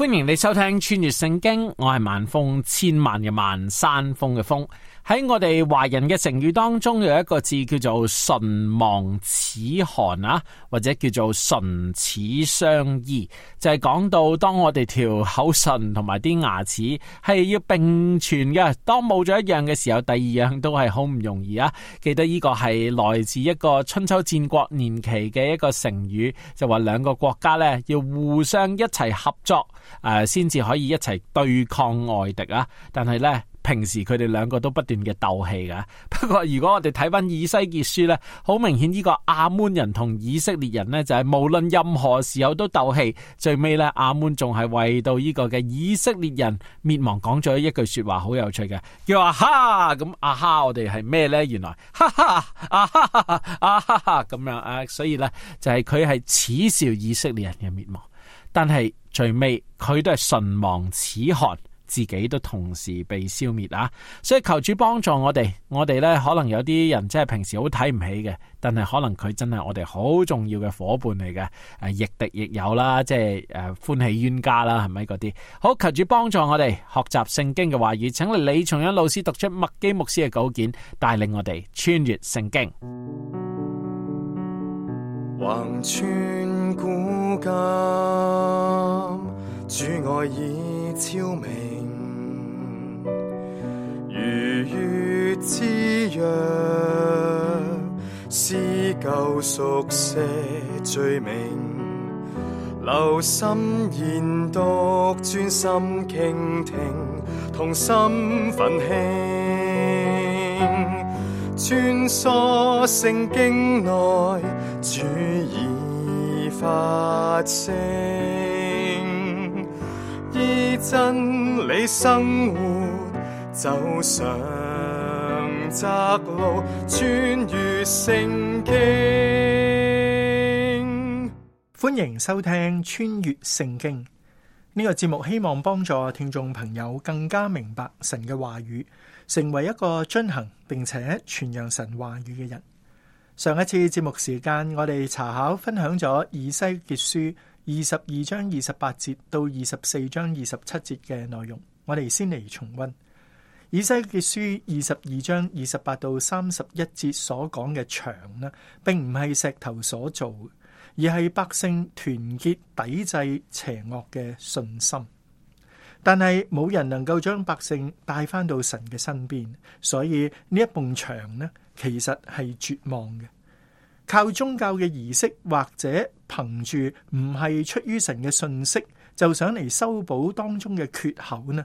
歡迎你收聽穿越聖經，我係萬峰，千萬嘅萬，山峰嘅峰。喺我哋華人嘅成語當中，有一個字叫做唇亡齒寒啊，或者叫做唇齒相依，就係講到當我哋條口唇同埋啲牙齒係要並存嘅，當冇咗一樣嘅時候，第二樣都係好唔容易啊！記得呢個係來自一個春秋戰國年期嘅一個成語，就話兩個國家呢要互相一齊合作，誒、呃，先至可以一齊對抗外敵啊！但係呢。平時佢哋兩個都不斷嘅鬥氣噶，不過如果我哋睇翻以西結書咧，好明顯呢個亞捫人同以色列人呢，就係無論任何時候都鬥氣。最尾咧，亞捫仲係為到呢個嘅以色列人滅亡講咗一句說話，好有趣嘅，叫話、啊、哈咁啊哈，我哋係咩呢？原來哈哈啊哈哈哈啊哈哈咁、啊、樣啊，所以呢，就係佢係恥笑以色列人嘅滅亡，但係最尾佢都係唇亡齒寒。自己都同時被消滅啊！所以求主幫助我哋，我哋呢，可能有啲人真係平時好睇唔起嘅，但係可能佢真係我哋好重要嘅夥伴嚟嘅，誒、啊，亦敵亦友啦，即係誒、啊，歡喜冤家啦，係咪嗰啲？好，求主幫助我哋學習聖經嘅話語，請嚟李重恩老師讀出麥基牧師嘅稿件，帶領我哋穿越聖經。橫穿古今，主愛已超美。如月之約，撕舊熟寫罪名，留心研讀，專心傾聽，同心奮興，穿梭聖經內，主已發聲，依真理生活。走上窄路，穿越聖經。歡迎收聽《穿越聖經》呢個節目，希望幫助聽眾朋友更加明白神嘅話語，成為一個遵行並且傳揚神話語嘅人。上一次節目時間，我哋查考分享咗《以西結書》二十二章二十八節到二十四章二十七節嘅內容，我哋先嚟重溫。以西結書二十二章二十八到三十一節所講嘅牆呢，並唔係石頭所做，而係百姓團結抵制邪惡嘅信心。但係冇人能夠將百姓帶翻到神嘅身邊，所以呢一埲牆呢，其實係絕望嘅。靠宗教嘅儀式或者憑住唔係出於神嘅信息，就想嚟修補當中嘅缺口呢，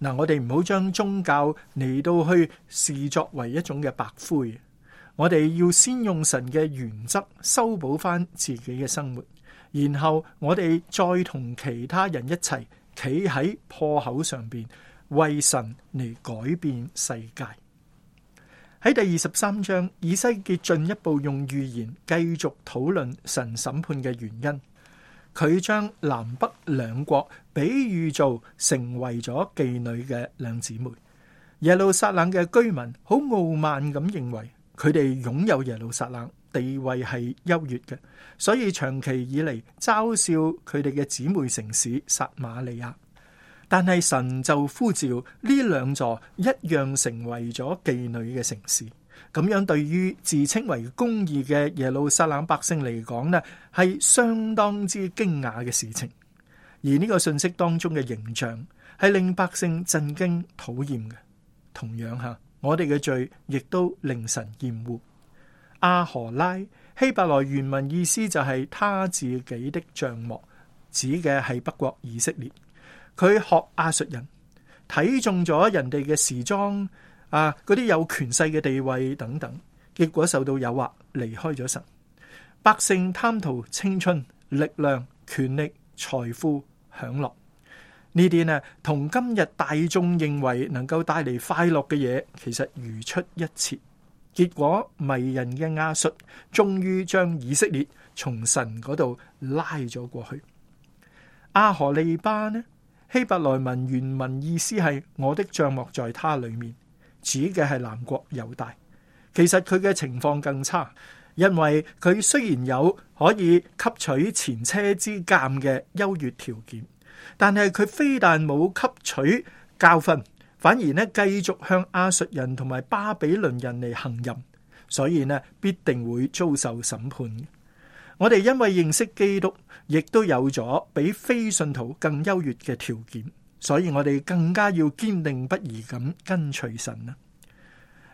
嗱，我哋唔好將宗教嚟到去視作為一種嘅白灰，我哋要先用神嘅原則修補翻自己嘅生活，然後我哋再同其他人一齊企喺破口上邊為神嚟改變世界。喺第二十三章，以西結進一步用預言繼續討論神審判嘅原因。佢將南北兩國比喻做成為咗妓女嘅兩姊妹。耶路撒冷嘅居民好傲慢咁，認為佢哋擁有耶路撒冷地位係優越嘅，所以長期以嚟嘲笑佢哋嘅姊妹城市撒瑪利亞。但係神就呼召呢兩座一樣成為咗妓女嘅城市。咁樣對於自稱為公義嘅耶路撒冷百姓嚟講呢，係相當之驚訝嘅事情。而呢個信息當中嘅形象，係令百姓震驚討厭嘅。同樣吓，我哋嘅罪亦都令神厭惡。阿荷拉希伯來原文意思就係他自己的帳幕，指嘅係北國以色列。佢學亞述人，睇中咗人哋嘅時裝。啊！嗰啲有權勢嘅地位等等，結果受到誘惑離開咗神。百姓貪圖青春、力量、權力、財富享樂、享樂呢啲呢，同今日大眾認為能夠帶嚟快樂嘅嘢，其實如出一轍。結果迷人嘅亞述終於將以色列從神嗰度拉咗過去。阿荷利巴呢？希伯來文原文意思係我的帳幕在他裏面。指嘅係南國猶大，其實佢嘅情況更差，因為佢雖然有可以吸取前車之鑒嘅優越條件，但係佢非但冇吸取教訓，反而呢繼續向亞述人同埋巴比倫人嚟行淫，所以呢必定會遭受審判。我哋因為認識基督，亦都有咗比非信徒更優越嘅條件。所以我哋更加要堅定不移咁跟隨神啦。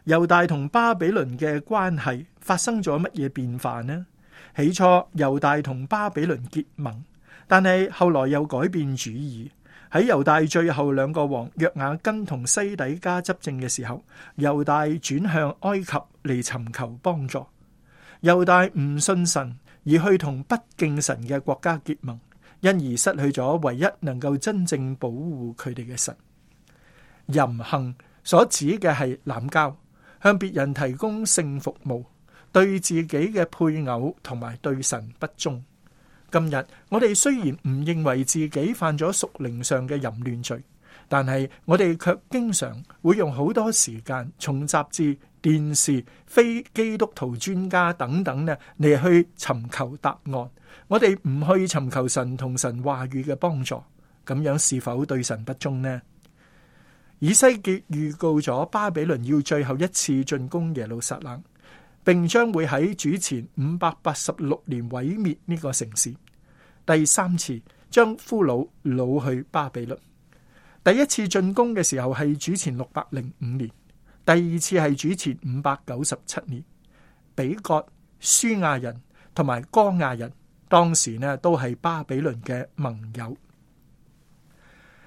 猶大同巴比倫嘅關係發生咗乜嘢變化呢？起初猶大同巴比倫結盟，但係後來又改變主意。喺猶大最後兩個王約雅斤同西底家執政嘅時候，猶大轉向埃及嚟尋求幫助。猶大唔信神，而去同不敬神嘅國家結盟。因而失去咗唯一能夠真正保護佢哋嘅神。淫行所指嘅係濫交，向別人提供性服務，對自己嘅配偶同埋對神不忠。今日我哋雖然唔認為自己犯咗屬靈上嘅淫亂罪，但係我哋卻經常會用好多時間從雜誌。電視、非基督徒專家等等咧，你去尋求答案。我哋唔去尋求神同神話語嘅幫助，咁樣是否對神不忠呢？以西結預告咗巴比倫要最後一次進攻耶路撒冷，並將會喺主前五百八十六年毀滅呢個城市，第三次將俘虜擄去巴比倫。第一次進攻嘅時候係主前六百零五年。第二次係主前五百九十七年，比割舒亞人同埋江亞人，當時呢都係巴比倫嘅盟友。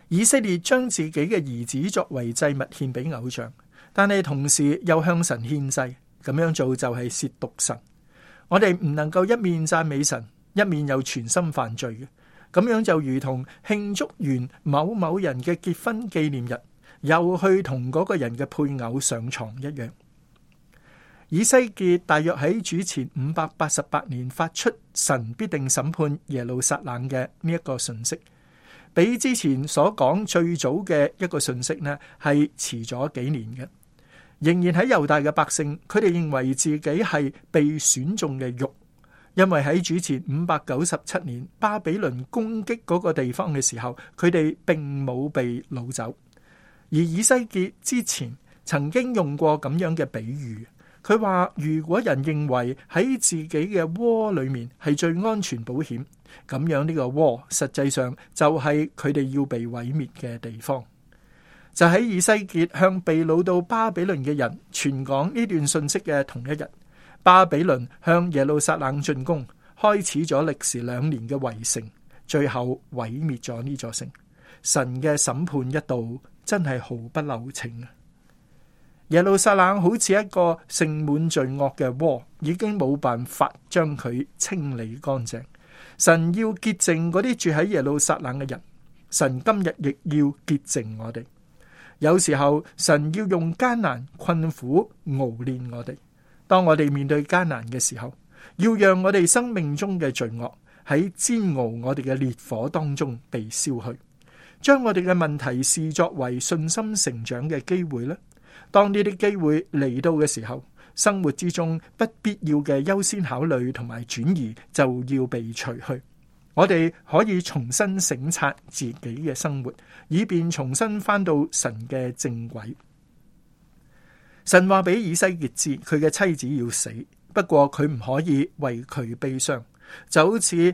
以色列將自己嘅兒子作為祭物獻俾偶像，但係同時又向神獻祭，咁樣做就係褻瀆神。我哋唔能夠一面讚美神，一面又全心犯罪嘅，咁樣就如同慶祝完某某人嘅結婚紀念日。又去同嗰個人嘅配偶上床一樣。以西結大約喺主前五百八十八年發出神必定審判耶路撒冷嘅呢一個信息，比之前所講最早嘅一個信息呢係遲咗幾年嘅。仍然喺猶大嘅百姓，佢哋認為自己係被選中嘅肉，因為喺主前五百九十七年巴比倫攻擊嗰個地方嘅時候，佢哋並冇被擄走。而以西結之前曾經用過咁樣嘅比喻，佢話如果人認為喺自己嘅窩裏面係最安全保險，咁樣呢個窩實際上就係佢哋要被毀滅嘅地方。就喺以西結向被擄到巴比倫嘅人傳講呢段信息嘅同一日，巴比倫向耶路撒冷進攻，開始咗歷時兩年嘅圍城，最後毀滅咗呢座城。神嘅審判一度。真係毫不留情啊！耶路撒冷好似一個盛滿罪惡嘅鍋，已經冇辦法將佢清理乾淨。神要潔淨嗰啲住喺耶路撒冷嘅人，神今日亦要潔淨我哋。有時候神要用艱難困苦熬煉我哋。當我哋面對艱難嘅時候，要讓我哋生命中嘅罪惡喺煎熬我哋嘅烈火當中被燒去。將我哋嘅問題視作為信心成長嘅機會咧，當呢啲機會嚟到嘅時候，生活之中不必要嘅優先考慮同埋轉移就要被除去。我哋可以重新省察自己嘅生活，以便重新返到神嘅正軌。神話俾以西結知佢嘅妻子要死，不過佢唔可以為佢悲傷，就好似。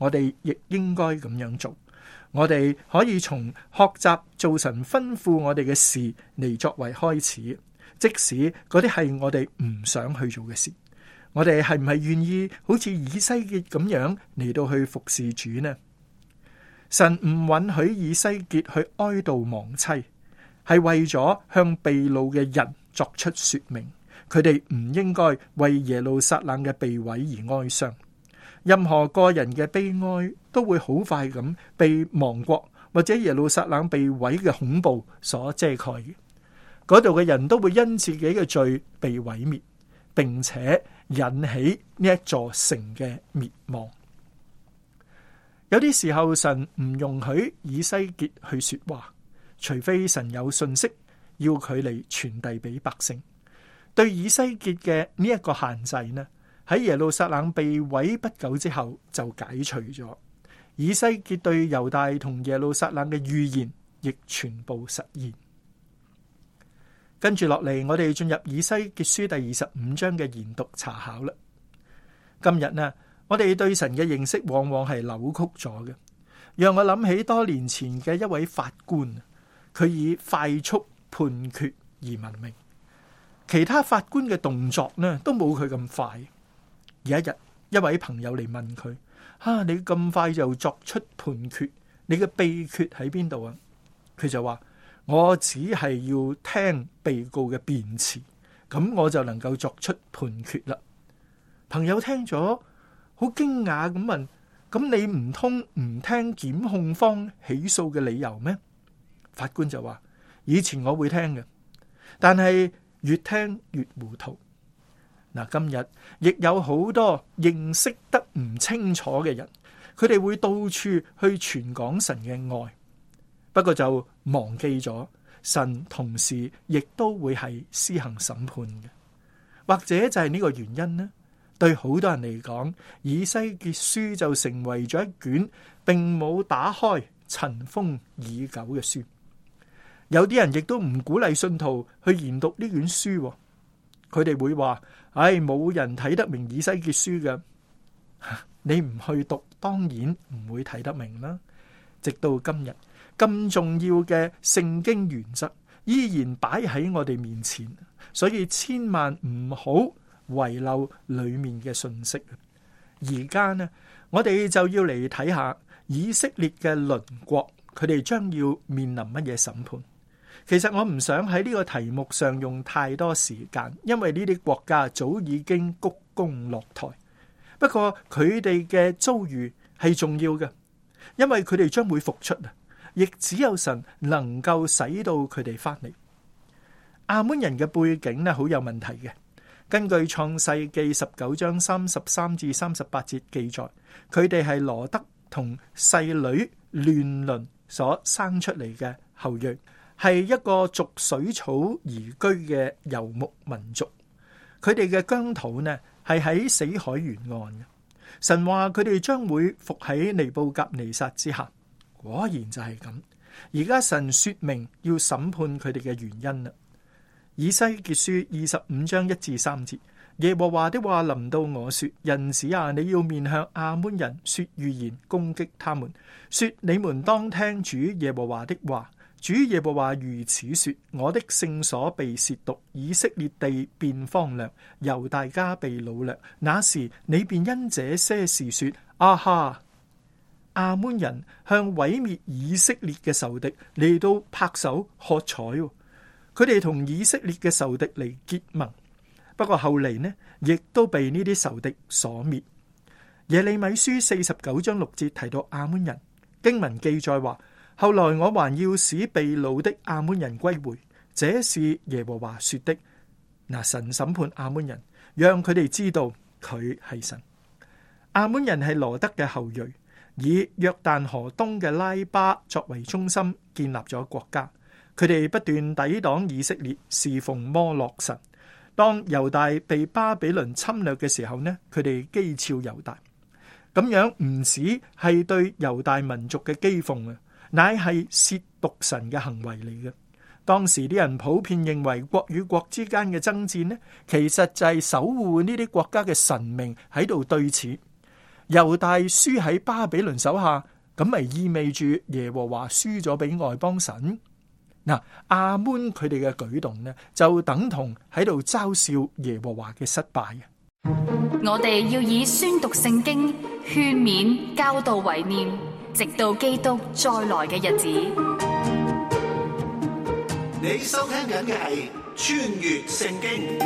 我哋亦應該咁樣做。我哋可以從學習做神吩咐我哋嘅事嚟作為開始，即使嗰啲係我哋唔想去做嘅事。我哋係唔係願意好似以西結咁樣嚟到去服侍主呢？神唔允許以西結去哀悼亡妻，係為咗向被擄嘅人作出說明，佢哋唔應該為耶路撒冷嘅被毀而哀傷。任何個人嘅悲哀都會好快咁被亡國或者耶路撒冷被毀嘅恐怖所遮蓋。嗰度嘅人都會因自己嘅罪被毀滅，並且引起呢一座城嘅滅亡。有啲時候，神唔容許以西結去說話，除非神有訊息要佢嚟傳遞俾百姓。對以西結嘅呢一個限制呢，喺耶路撒冷被毀不久之後，就解除咗以西結對猶大同耶路撒冷嘅預言，亦全部實現。跟住落嚟，我哋進入以西結書第二十五章嘅研讀查考啦。今日呢，我哋對神嘅認識往往係扭曲咗嘅，讓我諗起多年前嘅一位法官，佢以快速判決而聞名，其他法官嘅動作呢，都冇佢咁快。有一日，一位朋友嚟問佢：哈、啊，你咁快就作出判決，你嘅秘訣喺邊度啊？佢就話：我只係要聽被告嘅辯詞，咁我就能夠作出判決啦。朋友聽咗，好驚訝咁問：咁你唔通唔聽檢控方起訴嘅理由咩？法官就話：以前我會聽嘅，但係越聽越糊塗。嗱，今日亦有好多認識得唔清楚嘅人，佢哋會到處去傳講神嘅愛，不過就忘記咗神同時亦都會係施行審判嘅，或者就係呢個原因呢，對好多人嚟講，《以西結書》就成為咗一卷並冇打開塵封已久嘅書，有啲人亦都唔鼓勵信徒去研讀呢卷書。佢哋會話，唉、哎，冇人睇得明以西結書嘅。啊，你唔去讀，當然唔會睇得明啦。直到今日，咁重要嘅聖經原則依然擺喺我哋面前，所以千萬唔好遺漏裏面嘅信息。而家呢，我哋就要嚟睇下以色列嘅鄰國，佢哋將要面臨乜嘢審判。其實我唔想喺呢個題目上用太多時間，因為呢啲國家早已經鞠躬落台。不過佢哋嘅遭遇係重要嘅，因為佢哋將會復出啊！亦只有神能夠使到佢哋返嚟。亞捫人嘅背景咧，好有問題嘅。根據創世記十九章三十三至三十八節記載，佢哋係羅德同細女亂倫所生出嚟嘅後裔。係一個逐水草而居嘅游牧民族，佢哋嘅疆土呢係喺死海沿岸的。神話佢哋將會服喺尼布甲尼撒之下，果然就係咁。而家神說明要審判佢哋嘅原因啦。以西結書二十五章一至三節，耶和華的話臨到我說：人子啊，你要面向阿門人說預言，攻擊他們，說你們當聽主耶和華的話。主耶和華如此說：我的聖所被褻瀆，以色列地變荒涼，猶大家被擄掠。那時你便因這些事說：啊哈！亞捫人向毀滅以色列嘅仇敵嚟到拍手喝彩，佢哋同以色列嘅仇敵嚟結盟。不過後嚟呢，亦都被呢啲仇敵所滅。耶利米書四十九章六節提到亞捫人，經文記載話。後來我還要使被擄的亞捫人歸回，這是耶和華說的。嗱，神審判亞捫人，讓佢哋知道佢係神。亞捫人係羅得嘅後裔，以約旦河東嘅拉巴作為中心建立咗國家。佢哋不斷抵擋以色列，侍奉摩洛神。當猶大被巴比倫侵略嘅時候呢，佢哋譏誚猶大咁樣，唔止係對猶大民族嘅譏諷啊。乃係褻瀆神嘅行為嚟嘅。當時啲人普遍認為國與國之間嘅爭戰呢，其實就係守護呢啲國家嘅神明喺度對峙。猶大輸喺巴比倫手下，咁咪意味住耶和華輸咗俾外邦神？嗱、啊，阿門佢哋嘅舉動呢，就等同喺度嘲笑耶和華嘅失敗啊！我哋要以宣讀聖經、勸勉、教導為念。直到基督再來嘅日子，你收聽緊嘅係穿越聖經。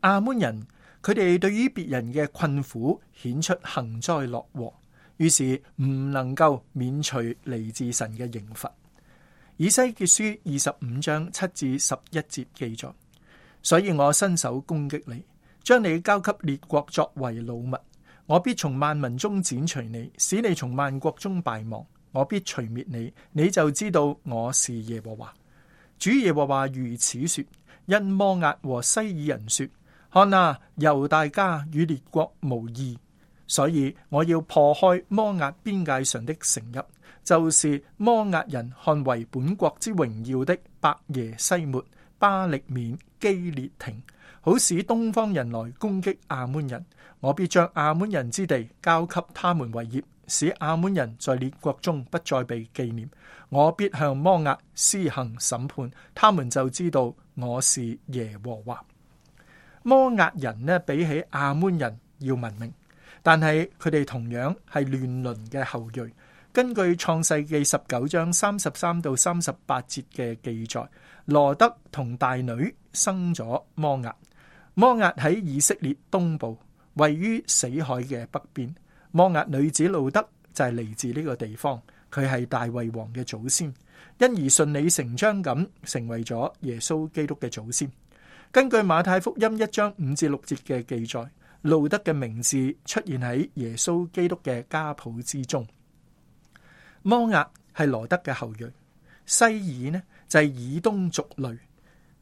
亞門人，佢哋對於別人嘅困苦顯出幸災樂禍，於是唔能夠免除嚟自神嘅刑罰。以西結書二十五章七至十一節記載，所以我伸手攻擊你。將你交給列國作為擄物，我必從萬民中剪除你，使你從萬國中敗亡。我必除滅你，你就知道我是耶和華。主耶和華如此說：因摩押和西珥人說，看啊，猶大家與列國無異，所以我要破開摩押邊界上的城邑，就是摩押人看為本國之榮耀的伯耶西末、巴力免、基列亭。」好使東方人來攻擊亞捫人，我必將亞捫人之地交給他們為業，使亞捫人在列國中不再被紀念。我必向摩押施行審判，他們就知道我是耶和華。摩押人呢，比起亞捫人要文明，但係佢哋同樣係亂倫嘅後裔。根據創世記十九章三十三到三十八節嘅記載，羅得同大女生咗摩押。摩押喺以色列東部，位於死海嘅北邊。摩押女子路德就係嚟自呢個地方，佢係大衛王嘅祖先，因而順理成章咁成為咗耶穌基督嘅祖先。根據馬太福音一章五至六節嘅記載，路德嘅名字出現喺耶穌基督嘅家譜之中。摩押係羅德嘅後裔，西爾呢就係以東族類。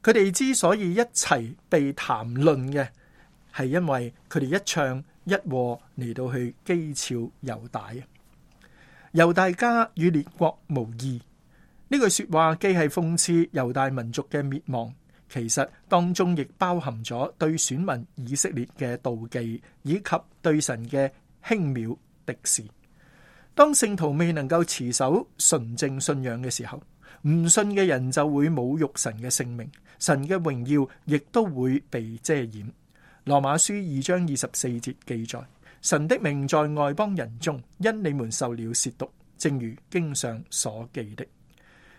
佢哋之所以一齊被談論嘅，係因為佢哋一唱一和嚟到去譏誚猶大，猶大家與列國無異。呢句說話既係諷刺猶大民族嘅滅亡，其實當中亦包含咗對選民以色列嘅妒忌，以及對神嘅輕藐敵視。當聖徒未能夠持守純正信仰嘅時候，唔信嘅人就會侮辱神嘅性命。神嘅榮耀亦都會被遮掩。羅馬書二章二十四節記載：神的名在外邦人中，因你們受了褻瀆，正如經上所記的。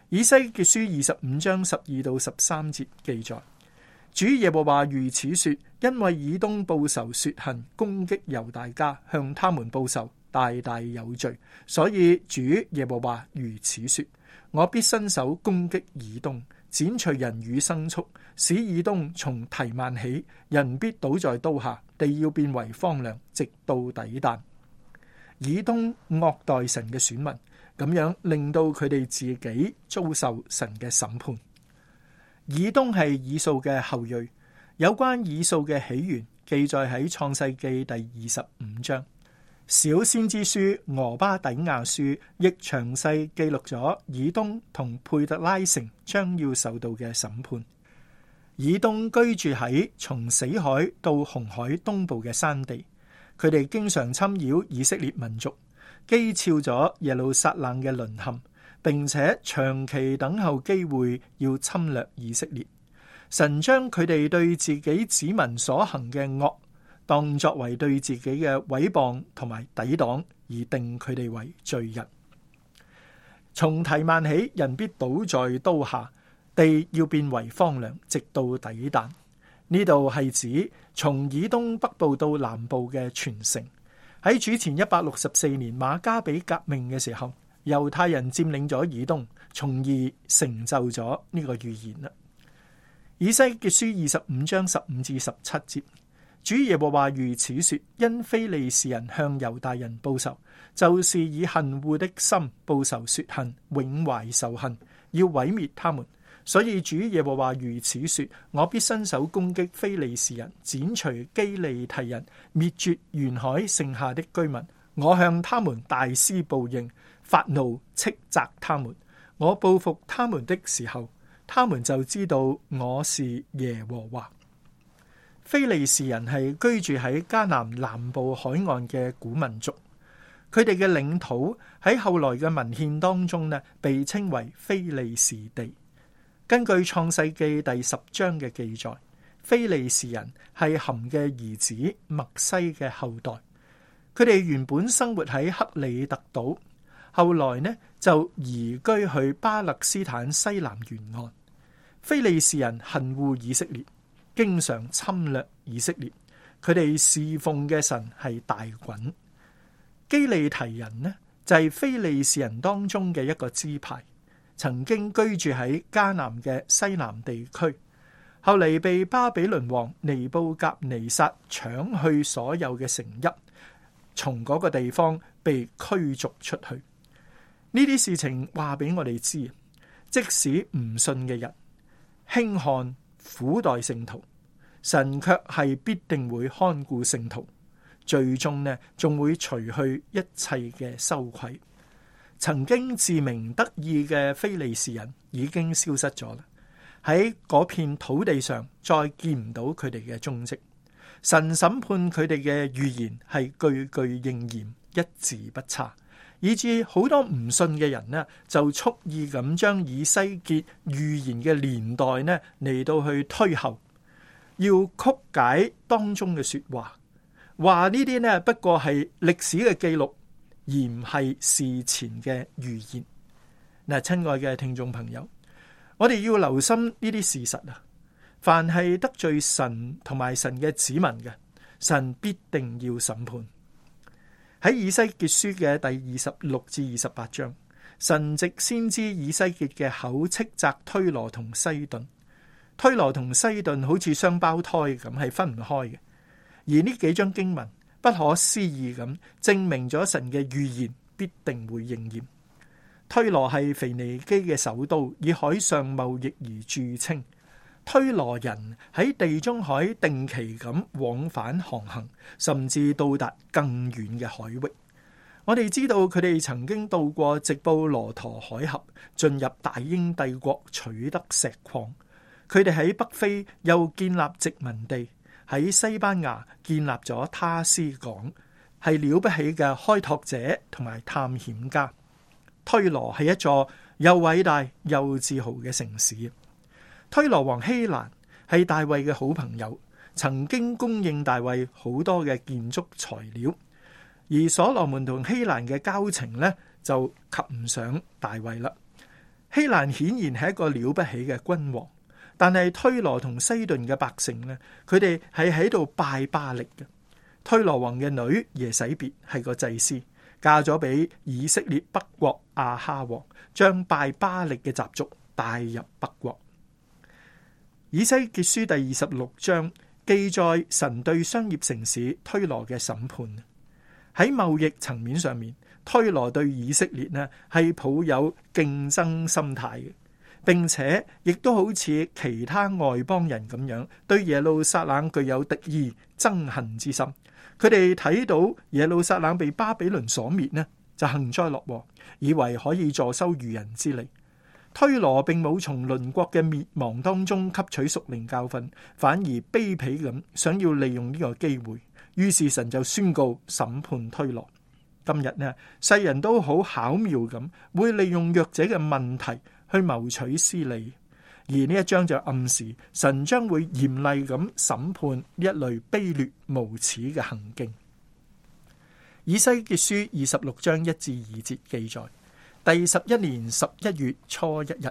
以西結書二十五章十二到十三節記載：主耶和華如此說，因為以東報仇雪恨，攻擊猶大家，向他們報仇，大大有罪，所以主耶和華如此說：我必伸手攻擊以東。剪除人與牲畜，使以東從提幔起，人必倒在刀下，地要變為荒涼，直到底但。以東惡待神嘅選民，咁樣令到佢哋自己遭受神嘅審判。以東係以掃嘅後裔，有關以掃嘅起源，記載喺創世記第二十五章。小先知書俄巴底亞書亦詳細記錄咗以東同佩特拉城將要受到嘅審判。以東居住喺從死海到紅海東部嘅山地，佢哋經常侵擾以色列民族，譏誚咗耶路撒冷嘅淪陷，並且長期等候機會要侵略以色列。神將佢哋對自己子民所行嘅惡。當作為對自己嘅毀謗同埋抵擋而定佢哋為罪人。從提幔起，人必倒在刀下，地要變為荒涼，直到底但。呢度係指從以東北部到南部嘅全城。喺主前一百六十四年馬加比革命嘅時候，猶太人佔領咗以東，從而成就咗呢個預言啦。以西結書二十五章十五至十七節。主耶和華如此說：因非利士人向猶大人報仇，就是以恨惡的心報仇，雪恨，永懷仇恨，要毀滅他們。所以主耶和華如此說：我必伸手攻擊非利士人，剪除基利提人，滅絕沿海剩下的居民。我向他們大施報應，發怒斥責他們。我報復他們的時候，他們就知道我是耶和華。非利士人係居住喺迦南南部海岸嘅古民族，佢哋嘅領土喺後來嘅文獻當中呢，被稱為非利士地。根據創世記第十章嘅記載，非利士人係含嘅兒子麥西嘅後代，佢哋原本生活喺克里特島，後來呢就移居去巴勒斯坦西南沿岸。非利士人恨惡以色列。經常侵略以色列，佢哋侍奉嘅神係大袞。基利提人呢就係非利士人當中嘅一個支派，曾經居住喺迦南嘅西南地區，後嚟被巴比倫王尼布甲尼撒搶去所有嘅城邑，從嗰個地方被驅逐出去。呢啲事情話俾我哋知，即使唔信嘅人輕看、苦待聖徒，神卻係必定會看顧聖徒，最終呢仲會除去一切嘅羞愧。曾經自鳴得意嘅非利士人已經消失咗啦，喺嗰片土地上再見唔到佢哋嘅蹤迹。神審判佢哋嘅預言係句句應驗，一字不差。以致好多唔信嘅人呢，就蓄意咁將以西結預言嘅年代呢嚟到去推後，要曲解當中嘅說話，話呢啲呢不過係歷史嘅記錄，而唔係事前嘅預言。嗱，親愛嘅聽眾朋友，我哋要留心呢啲事實啊！凡係得罪神同埋神嘅子民嘅，神必定要審判。喺以西結書嘅第二十六至二十八章，神藉先知以西結嘅口斥責推羅同西頓。推羅同西頓好似雙胞胎咁，係分唔開嘅。而呢幾章經文，不可思議咁證明咗神嘅預言必定會應驗。推羅係腓尼基嘅首都，以海上貿易而著稱。推羅人喺地中海定期咁往返航行，甚至到達更遠嘅海域。我哋知道佢哋曾經到過直布羅陀海峽，進入大英帝國取得石礦。佢哋喺北非又建立殖民地，喺西班牙建立咗他斯港，係了不起嘅開拓者同埋探險家。推羅係一座又偉大又自豪嘅城市。推羅王希蘭係大衛嘅好朋友，曾經供應大衛好多嘅建築材料。而所羅門同希蘭嘅交情呢，就及唔上大衛啦。希蘭顯然係一個了不起嘅君王，但係推羅同西頓嘅百姓呢，佢哋係喺度拜巴力嘅。推羅王嘅女耶洗別係個祭司，嫁咗俾以色列北國亞哈王，將拜巴力嘅習俗帶入北國。以西結書第二十六章記載神對商業城市推羅嘅審判。喺貿易層面上面，推羅對以色列呢，係抱有競爭心態嘅，並且亦都好似其他外邦人咁樣對耶路撒冷具有敵意憎恨之心。佢哋睇到耶路撒冷被巴比倫所滅呢，就幸災樂禍，以為可以坐收漁人之利。推羅並冇從鄰國嘅滅亡當中吸取屬靈教訓，反而卑鄙咁想要利用呢個機會。於是神就宣告審判推羅。今日呢，世人都好巧妙咁，會利用弱者嘅問題去謀取私利。而呢一章就暗示神將會嚴厲咁審判一類卑劣無恥嘅行徑。以西結書二十六章一至二節記載。第十一年十一月初一日，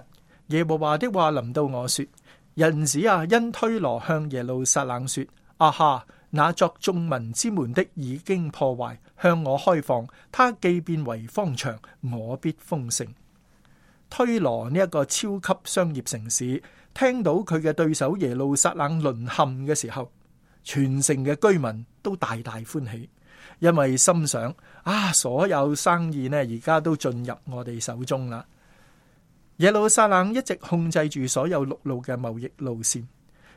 耶和華的話臨到我說：人子啊，因推羅向耶路撒冷說：啊哈，那作眾民之門的已經破壞，向我開放。他既變為荒場，我必豐盛。推羅呢一個超級商業城市，聽到佢嘅對手耶路撒冷淪陷嘅時候，全城嘅居民都大大歡喜。因為心想啊，所有生意呢而家都進入我哋手中啦。耶路撒冷一直控制住所有陸路嘅貿易路線，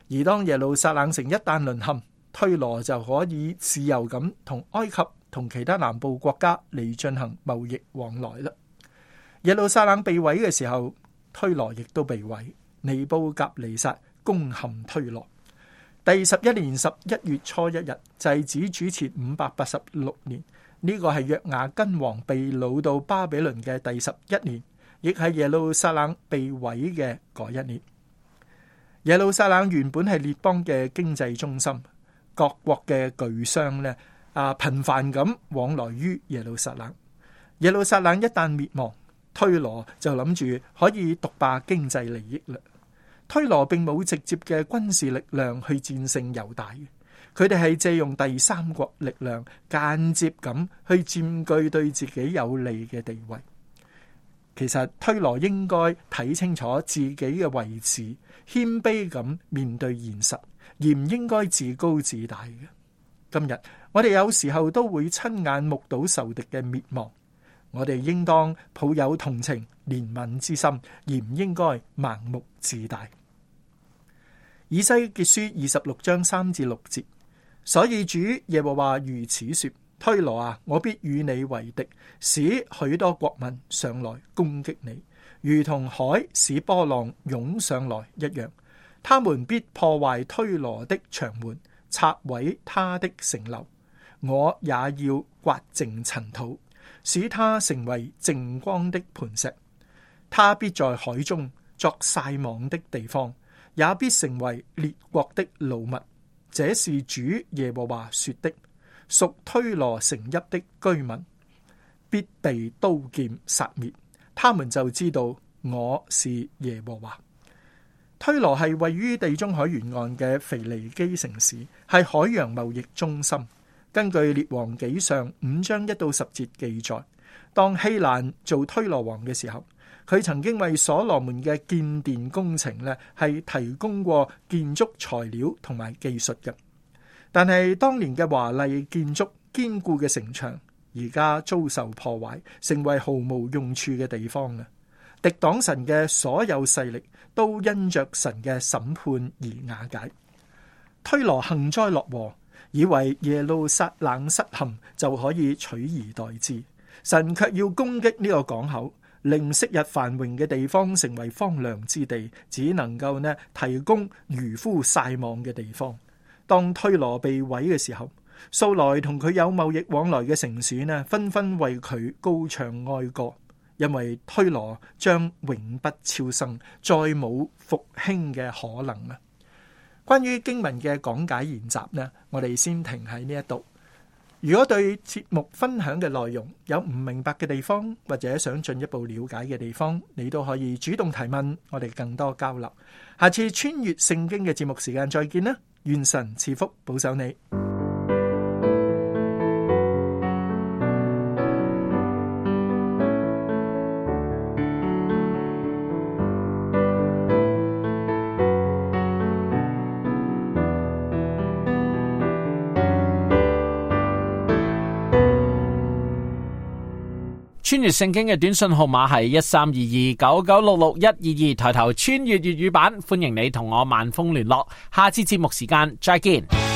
而當耶路撒冷城一旦淪陷，推羅就可以自由咁同埃及同其他南部國家嚟進行貿易往來啦。耶路撒冷被毀嘅時候，推羅亦都被毀，尼布甲尼撒攻陷推羅。第十一年十一月初一日，即係主前五百八十六年。呢、這個係約雅斤王被擄到巴比倫嘅第十一年，亦係耶路撒冷被毀嘅嗰一年。耶路撒冷原本係列邦嘅經濟中心，各國嘅巨商呢，啊，頻繁咁往來於耶路撒冷。耶路撒冷一旦滅亡，推羅就諗住可以獨霸經濟利益嘞。推羅並冇直接嘅軍事力量去戰勝猶大，佢哋係借用第三國力量間接咁去佔據對自己有利嘅地位。其實推羅應該睇清楚自己嘅位置，謙卑咁面對現實，而唔應該自高自大嘅。今日我哋有時候都會親眼目睹仇敵嘅滅亡，我哋應當抱有同情、憐憫之心，而唔應該盲目自大。以西結書二十六章三至六節，所以主耶和華如此說：推羅啊，我必與你為敵，使許多國民上來攻擊你，如同海使波浪湧上來一樣。他們必破壞推羅的牆門，拆毀他的城樓。我也要刮淨塵土，使它成為淨光的磐石。他必在海中作曬網的地方，也必成為列國的擄物。這是主耶和華說的：屬推羅城邑的居民必被刀劍殺滅。他們就知道我是耶和華。推羅係位於地中海沿岸嘅腓尼基城市，係海洋貿易中心。根據列王紀上五章一到十節記載，當希蘭做推羅王嘅時候。佢曾經為所羅門嘅建殿工程呢係提供過建築材料同埋技術嘅。但係當年嘅華麗建築，堅固嘅城牆，而家遭受破壞，成為毫無用處嘅地方嘅。敵擋神嘅所有勢力，都因着神嘅審判而瓦解。推羅幸災樂禍，以為耶路撒冷失陷就可以取而代之，神卻要攻擊呢個港口，令昔日繁榮嘅地方成為荒涼之地，只能夠呢提供漁夫晒網嘅地方。當推羅被毀嘅時候，素來同佢有貿易往來嘅城市呢，紛紛為佢高唱哀歌，因為推羅將永不超生，再冇復興嘅可能啦。關於經文嘅講解研習呢，我哋先停喺呢一度。如果對節目分享嘅內容有唔明白嘅地方,或者想進一步了解嘅地方,你都可以主動提問我哋更多交流。下次穿越聖經嘅節目時間再見啦,願神賜福保守你。聖經嘅短信號碼係一三二二九九六六一二二，抬頭穿越粵語版，歡迎你同我萬峰聯絡。下次節目時間再見。